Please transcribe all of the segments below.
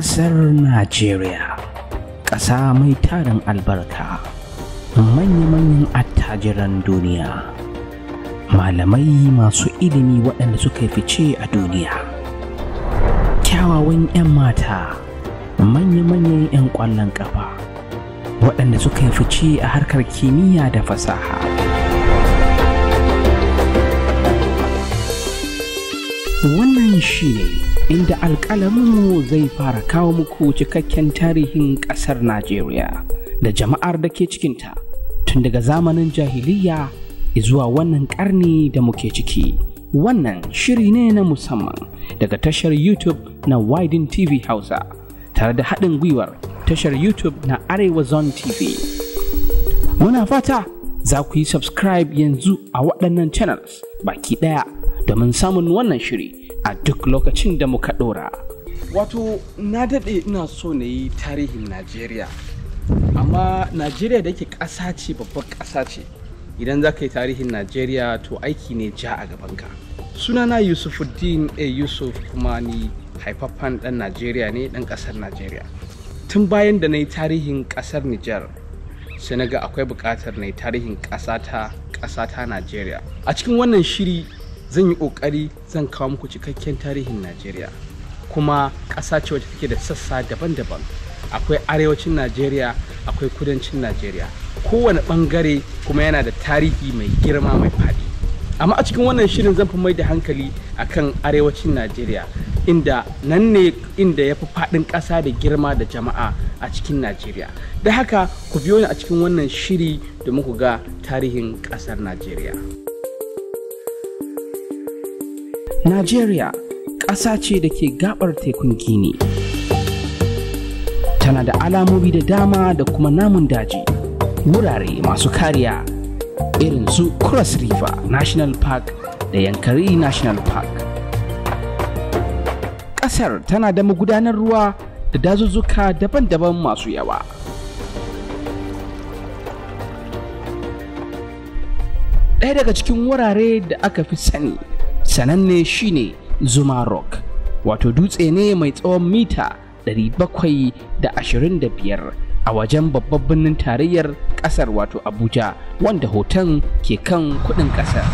ƙasar Najeriya ƙasa mai tarin albarka manya-manyan attajiran duniya malamai masu ilimi waɗanda suka fice a duniya kyawawan 'yan mata manya-manyan 'yan ƙwallon ƙafa waɗanda suka fice a harkar kimiyya da fasaha wannan shi ne inda alƙalaminmu zai fara kawo muku cikakken tarihin ƙasar Najeriya da jama'ar da ke cikinta tun daga zamanin jahiliya zuwa wannan ƙarni da muke ciki. Wannan shiri ne na musamman daga tashar YouTube na Widen TV Hausa tare da haɗin gwiwar tashar YouTube na Arewa Zone TV. Muna fata za ku yi subscribe yanzu a waɗannan channels baki ɗaya domin samun wannan shiri. a duk lokacin da muka ɗora. Wato, na daɗe ina so na yi tarihin Najeriya, amma Najeriya da ke ƙasa ce babbar ƙasa ce. Idan za ka yi tarihin Najeriya to aiki ne ja a gabanka. Sunana Yusufuddin A. Yusuf kuma ni haifaffan ɗan Najeriya ne ɗan ƙasar Najeriya. Tun bayan da na yi tarihin ƙasar Nijar, sai na ga akwai buƙatar na yi tarihin ƙasata ta Najeriya. A cikin wannan shiri zan yi ƙoƙari zan kawo muku cikakken tarihin najeriya kuma ƙasa ce wacce take da sassa daban-daban akwai arewacin najeriya akwai kudancin najeriya kowane ɓangare kuma yana da tarihi mai girma mai faɗi amma a cikin wannan shirin zan fi mai da hankali akan arewacin najeriya inda nan ne inda ya fi faɗin ƙasa da girma da jama'a a cikin najeriya da haka ku biyo ni a cikin wannan shiri domin ku ga tarihin ƙasar najeriya Najeriya ƙasa ce da ke gabar tekun Gini. Tana da alamomi da dama da kuma namun daji, wurare masu kariya irin su Cross River National Park da Yankari National Park. Ƙasar tana da magudanar ruwa da dazuzzuka daban-daban masu yawa. Ɗaya daga cikin wurare da aka fi sani sananne shine zuma rock wato dutse ne mai tsawon mita 725 a wajen babban birnin tarayyar kasar wato abuja wanda hoton ke kan kudin kasar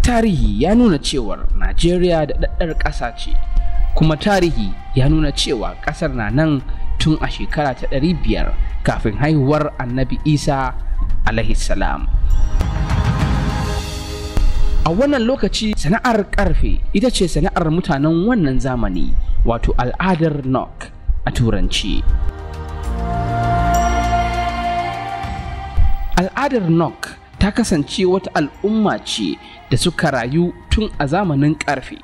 tarihi ya nuna cewar najeriya da daddar ƙasa ce kuma tarihi ya nuna cewa ƙasar na nan tun a shekara ta 500 kafin haihuwar annabi isa alaihi salam a wannan lokaci sana'ar ƙarfe ita ce sana'ar mutanen wannan zamani wato al'adar nok a turanci al'adar nok ta kasance wata al'umma ce da suka rayu tun a zamanin ƙarfe,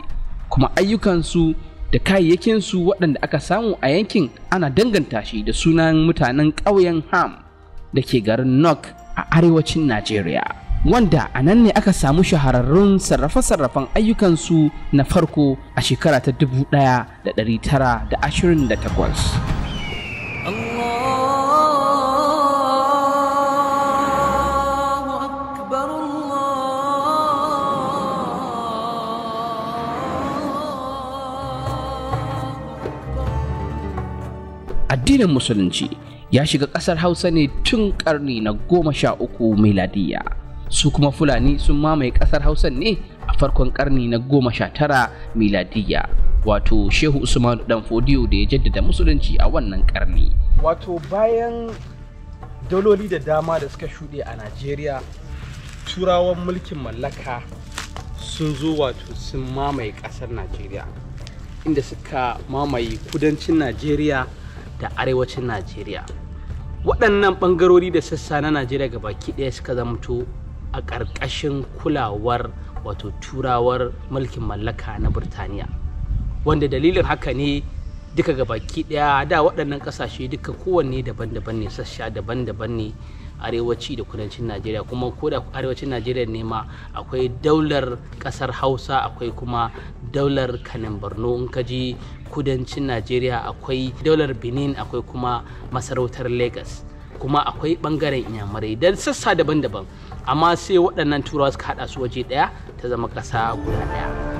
kuma ayyukansu da kayayyakinsu waɗanda aka samu a yankin ana danganta shi da sunan mutanen ƙauyen ham da ke garin nok a arewacin Najeriya. Wanda a nan ne aka samu shahararrun sarrafe-sarrafen ayyukansu na farko a shekara ta dubu ɗaya da da da tara 1928. addinin musulunci ya shiga ƙasar hausa ne tun ƙarni na goma sha uku miladiya su kuma fulani sun mamaye ƙasar hausa ne a farkon ƙarni na goma sha tara miladiya wato shehu Usman dan fodiyo da ya jaddada musulunci a wannan ƙarni wato bayan daloli da dama da suka shuɗe a najeriya turawan mulkin mallaka sun zo wato sun mamaye ƙasar najeriya inda suka mamaye kudancin najeriya da arewacin najeriya waɗannan ɓangarori da sassa na najeriya ga baki ɗaya suka zamto a ƙarƙashin kulawar wato turawar mulkin mallaka na burtaniya wanda dalilin haka ne duka ga baki ɗaya da waɗannan ƙasashe duka kowanne daban-daban ne sassa daban-daban ne arewaci da kudancin najeriya kuma ko da arewacin najeriya ne ma akwai daular kasar hausa akwai kuma daular kanin borno in ka ji kudancin najeriya akwai daular benin akwai kuma masarautar lagos kuma akwai bangaren inyamurai don sassa daban-daban amma sai waɗannan turawa suka haɗa su waje ɗaya ta zama ƙasa guda ɗaya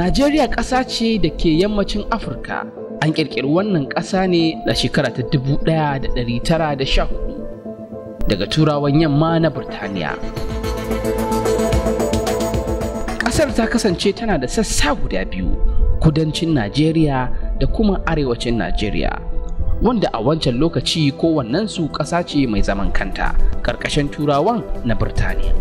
Najeriya ƙasa ce da ke yammacin Afirka. An ƙirƙiri wannan ƙasa ne da shekara ta dubu ɗaya da ɗari tara 1914 daga turawan yamma na Burtaniya. Ƙasar ta kasance tana da sassa guda biyu, kudancin Najeriya da kuma arewacin Najeriya. Wanda a wancan lokaci su ƙasa ce mai zaman kanta, ƙarƙashin turawan na Burtaniya.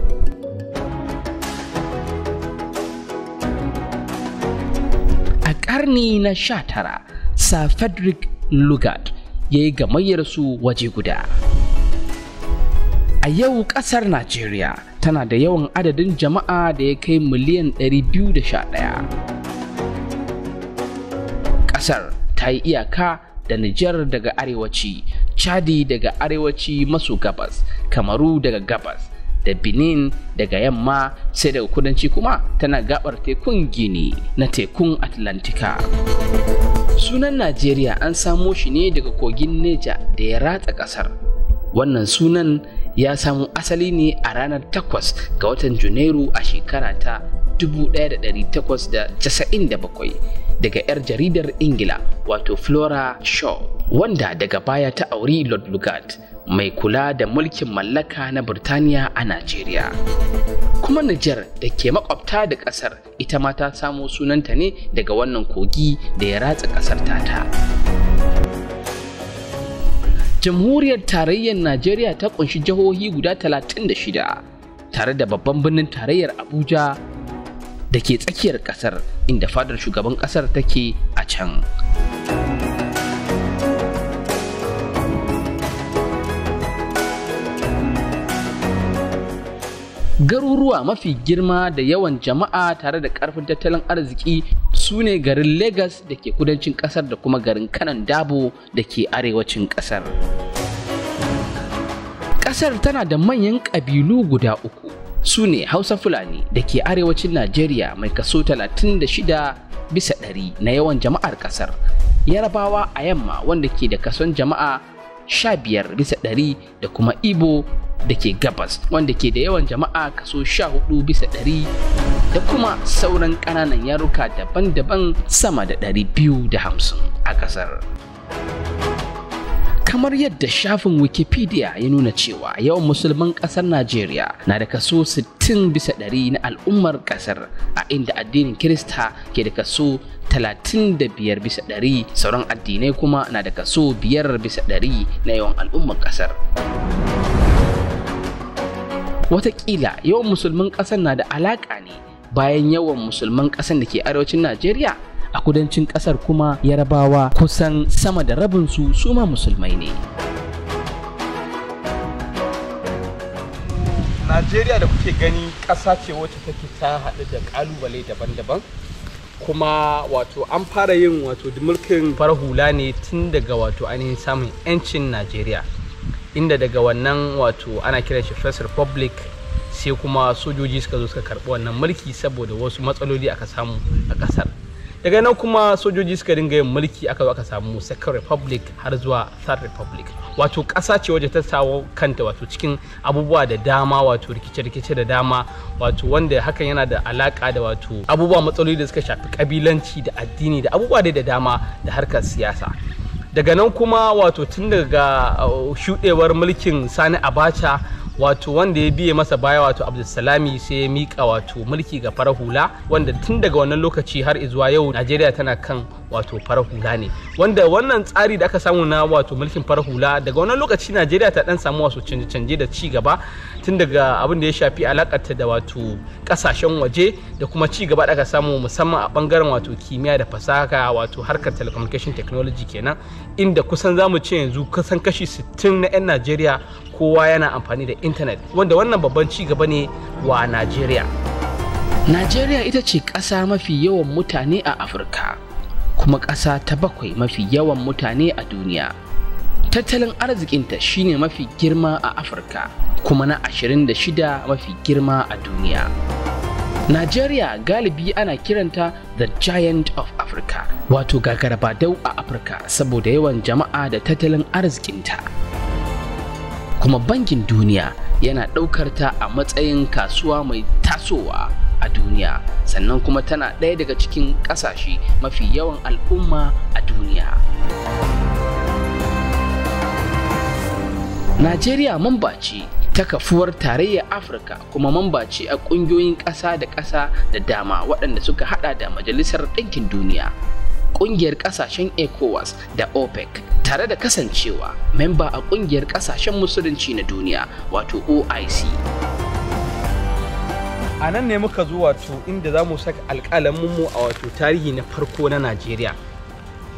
ƙarni na sha tara, Sir Frederick Lugard ya yi gamayyar su waje guda. A yau ƙasar Najeriya tana da yawan adadin jama'a da ya kai miliyan 211. Ƙasar ta yi iyaka da Nijar daga arewaci, Chadi daga arewaci maso gabas, Kamaru daga gabas, da benin daga yamma sai daga kudanci kuma tana gabar tekun gini na tekun atlantika sunan najeriya an samo shi ne daga kogin neja da ya ratsa kasar wannan sunan ya samo asali ne a ranar takwas ga watan janairu a shekara ta 1897 daga 'yar jaridar ingila wato flora shaw wanda daga baya ta auri lord lugard mai kula da mulkin mallaka na Burtaniya a Najeriya. Kuma Nijar da ke makwabta da ƙasar ita ma ta samo sunanta ne daga wannan kogi da ya ratsa ƙasar tata. Jamhuriyar Tarayyar Najeriya ta ƙunshi jihohi guda 36 tare da babban birnin tarayyar Abuja da ke tsakiyar ƙasar inda fadar shugaban ƙasar take a can. garuruwa mafi girma da yawan jama'a tare da karfin tattalin arziki su ne garin Legas da ke kudancin kasar da kuma garin kanan dabo da ke arewacin kasar kasar tana da manyan ƙabilu guda uku su ne hausa fulani da ke arewacin najeriya mai kaso 36 bisa ɗari na yawan jama'ar ƙasar yarabawa a yamma wanda ke da kason jama'a 15 bisa ɗari da kuma ibo da ke gabas wanda ke da yawan jama'a kaso 14 bisa ɗari da kuma sauran ƙananan yaruka daban-daban sama da 250 a ƙasar. kamar yadda shafin wikipedia ya nuna cewa yawan musulman kasar najeriya na da kaso 60 bisa ɗari na al'ummar kasar a inda addinin kirista ke da kaso 35 bisa ɗari sauran addinai kuma na da kaso 5 bisa ɗari na yawan al'ummar kasar Wataƙila yawan musulman ƙasar na da alaƙa ne bayan yawan musulman ƙasar da ke arewacin Najeriya a kudancin ƙasar kuma yarabawa kusan sama da rabin su ma musulmai ne. Najeriya da kuke gani ƙasa ce wacce take ta haɗu da ƙalubale daban-daban kuma wato an fara yin wato mulkin farar hula ne tun daga wato ainihin samun 'yancin Najeriya. inda daga wannan wato ana kiran shi first republic sai kuma sojoji suka zo suka karɓi wannan mulki saboda wasu matsaloli aka samu a ƙasar daga nan kuma sojoji suka dinga yin mulki aka zo aka samu second republic har zuwa third republic wato ƙasa ce waje ta sawo kanta wato cikin abubuwa da dama wato rikice-rikice da dama wato wanda hakan yana da alaka da wato abubuwa matsaloli da suka shafi kabilanci da addini da abubuwa dai da dama da harkar siyasa daga nan kuma wato tun daga uh, shuɗewar mulkin sani abacha wato wanda ya biye masa baya wato abdulsalami sai ya mika wato mulki ga farar hula wanda tun daga wannan lokaci har zuwa yau najeriya tana kan wato farar hula ne wanda wannan tsari da aka samu na wato mulkin farar hula daga wannan lokaci najeriya ta dan samu wasu canje-canje da ci gaba tun daga abin da ya shafi alakarta da wato kasashen waje da kuma ci gaba da aka samu musamman a bangaren wato kimiyya da fasaha wato harkar telecommunication technology kenan inda kusan zamu ce yanzu kusan kashi 60 na 'yan najeriya kowa yana amfani da intanet wanda wannan babban ci gaba ne wa najeriya najeriya ita ce ƙasa mafi yawan mutane a afirka kuma ƙasa ta bakwai mafi yawan mutane a duniya tattalin arzikinta shine mafi girma a afirka kuma na 26 mafi girma a duniya Najeriya galibi ana kiranta the giant of Africa wato gagara dau a Afirka saboda yawan jama'a da tattalin arzikinta. kuma bankin duniya yana ɗaukar ta a matsayin kasuwa mai tasowa a duniya sannan kuma tana ɗaya daga cikin ƙasashe mafi yawan al'umma a duniya najeriya mamba ce ta kafuwar tarayyar afirka kuma mamba ce a ƙungiyoyin ƙasa da ƙasa da dama waɗanda suka haɗa da majalisar ɗinkin duniya kungiyar kasashen ecowas da opec tare da kasancewa memba a kungiyar kasashen musulunci na duniya wato oic a nan ne muka zo wato inda za mu saka mu a wato tarihi na farko na najeriya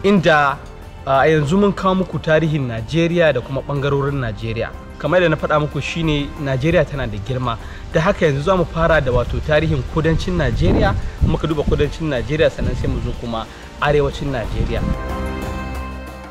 inda a yanzu mun kawo muku tarihin najeriya da kuma ɓangarorin najeriya kamar da na faɗa muku shine najeriya tana da girma da haka yanzu za mu fara da wato tarihin kudancin najeriya muka duba kudancin najeriya sannan sai mu zo kuma arewacin najeriya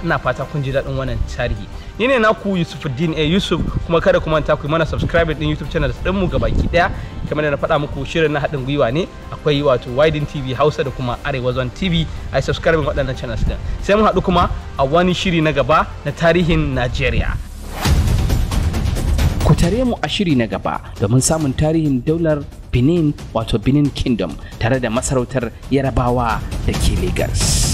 ina fata kun ji daɗin wannan tarihi ni ne naku yusuf din a yusuf kuma kada kuma ta ku mana subscribe din youtube channel din mu gabaki daya kamar da na faɗa muku shirin na haɗin gwiwa ne akwai wato widen tv hausa da kuma arewa zone tv a subscribe waɗannan channels din sai mu haɗu kuma a wani shiri na gaba na tarihin najeriya Ku tare mu a shiri na gaba domin samun tarihin daular Benin wato Benin Kingdom tare da masarautar Yarabawa da ke Legas.